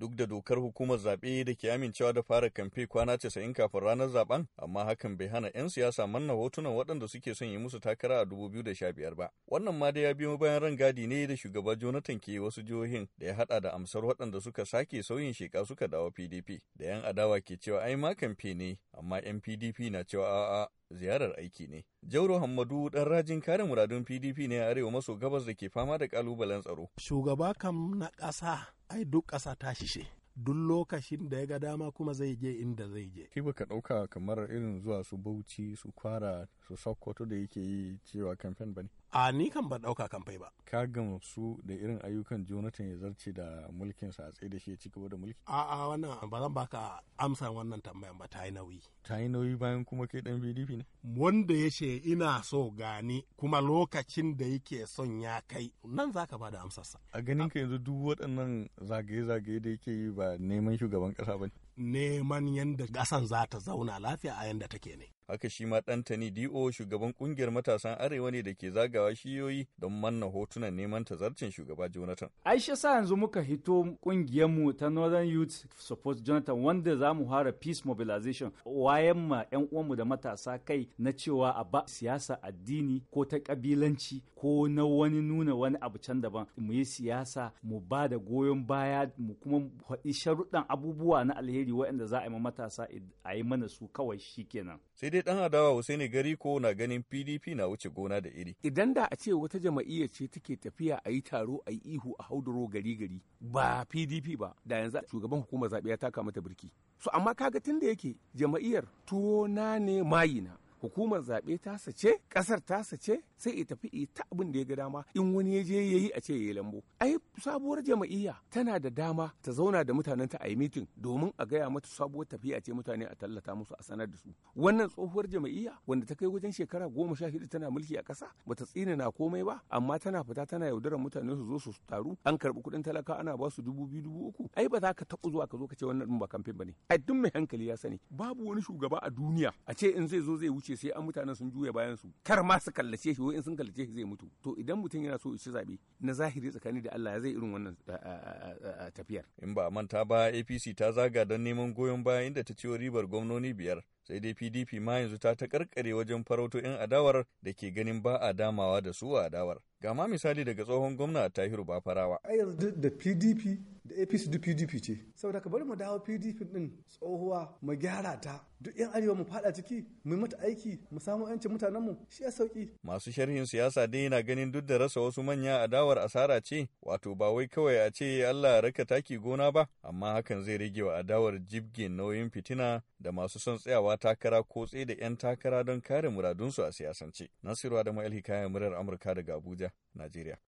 duk da dokar hukumar zaɓe da ke amincewa da fara kamfe kwana 90 kafin ranar zaben amma hakan bai hana 'yan siyasa manna hotunan waɗanda suke son yi musu takara a 2015 ba wannan ma da ya biyo bayan rangadi ne da shugaba jonathan ke wasu jihohin da ya haɗa da amsar waɗanda suka sake sauyin sheka suka dawo pdp da 'yan adawa ke cewa ai ma kamfe ne amma 'yan pdp na cewa a'a ziyarar aiki ne. Jauro Hammadu ɗan rajin kare muradun PDP ne a arewa maso gabas da ke fama da ƙalubalen tsaro. Shugaba kam na ƙasa ai duk ƙasa ta shishe duk lokacin da ya ga dama kuma zai je inda zai je. Shi baka ɗauka kamar irin zuwa su Bauchi, su Kwara, su Sokoto da yake yi cewa kamfen ba ne? A ni kan ba ɗauka kamfai ba. Ka gama su da irin ayyukan Jonathan ya zarce da mulkin sa, a tsaye da shi ya ci gaba da mulki? a wannan ba zan baka amsa wannan tambayan ba ta yi nauyi. Ta yi nauyi bayan kuma kai ɗan PDP ne? Wanda ya ce ina so gani kuma lokacin da yake son ya kai nan zaka ba da amsarsa. A ganin ka yanzu duk waɗannan zagaye-zagaye da yake yi ba neman shugaban kasa ba ne neman yadda ƙasan za ta zauna lafiya a yadda take ne. Haka shi ma Tani DO shugaban ƙungiyar matasan Arewa ne da ke zagawa shiyoyi don manna hotunan neman tazarcin shugaba Jonathan. Aisha sa yanzu muka hito ƙungiyarmu ta Northern Youth Support Jonathan wanda za mu fara peace mobilization wayan ma 'yan uwanmu da matasa kai na cewa a ba siyasa addini ko ta ƙabilanci ko na wani nuna wani abu can daban mu yi siyasa mu ba da goyon baya mu kuma faɗi sharuɗan abubuwa na alheri iri waɗanda za a yi matasa a yi mana su kawai shi kenan. Sai dai ɗan adawa Hussaini gari ko na ganin PDP na wuce gona da iri. Idan da a ce wata jama'iyya ce take tafiya a yi taro a yi ihu a hauduro gari gari ba PDP ba da yanzu shugaban hukumar zaɓe ya taka mata birki. So amma kaga tun da yake jama'iyyar tuwo na ne mayina. hukumar zaɓe ta sace ƙasar ta sace sai ya tafi ita ta abin da ya ga dama in wani ya je ya yi a ce ya yi lambu ai sabuwar jama'iyya tana da dama ta zauna da mutanen ta a yi mitin domin a gaya mata sabuwar tafiya ce mutane a tallata musu a sanar da su wannan tsohuwar jama'iyya wanda ta kai wajen shekara goma sha shida tana mulki a ƙasa bata tsina na komai ba amma tana fita tana yaudarar mutane su zo su taru an karɓi kuɗin talaka ana ba su dubu biyu dubu uku ai ba za ka taɓa zuwa ka zo ka ce wannan ɗin ba kamfen ba ne ai duk mai hankali ya sani babu wani shugaba a duniya a ce in zai zo zai wuce ce sai an mutanen sun juya bayan su kar ma su kallace shi in sun kallace shi zai mutu to idan mutum yana so ya ci zabe na zahiri tsakani da Allah zai irin wannan tafiyar in ba manta ba APC ta zaga don neman goyon baya inda ta ciwo ribar gwamnoni biyar sai dai PDP ma yanzu ta ta karkare wajen farauto 'yan adawar da ke ganin ba a damawa da su a adawar gama misali daga tsohon gwamna Tahiru Bafarawa a yanzu da PDP da apc da pdp ce saboda ka bari mu dawo pdp din tsohuwa mu gyara ta duk yan arewa mu faɗa ciki mu mata aiki mu samu yancin mutanen mu shi ya sauki masu sharhin siyasa dai na ganin duk da rasa wasu manya adawar asara ce wato ba wai kawai a ce Allah raka taki gona ba amma hakan zai rage wa adawar jibge nauyin fitina da masu son tsayawa takara ko tsaye da yan takara don kare muradunsu a siyasance nasiru da Alhikaya, murar amurka daga abuja najeriya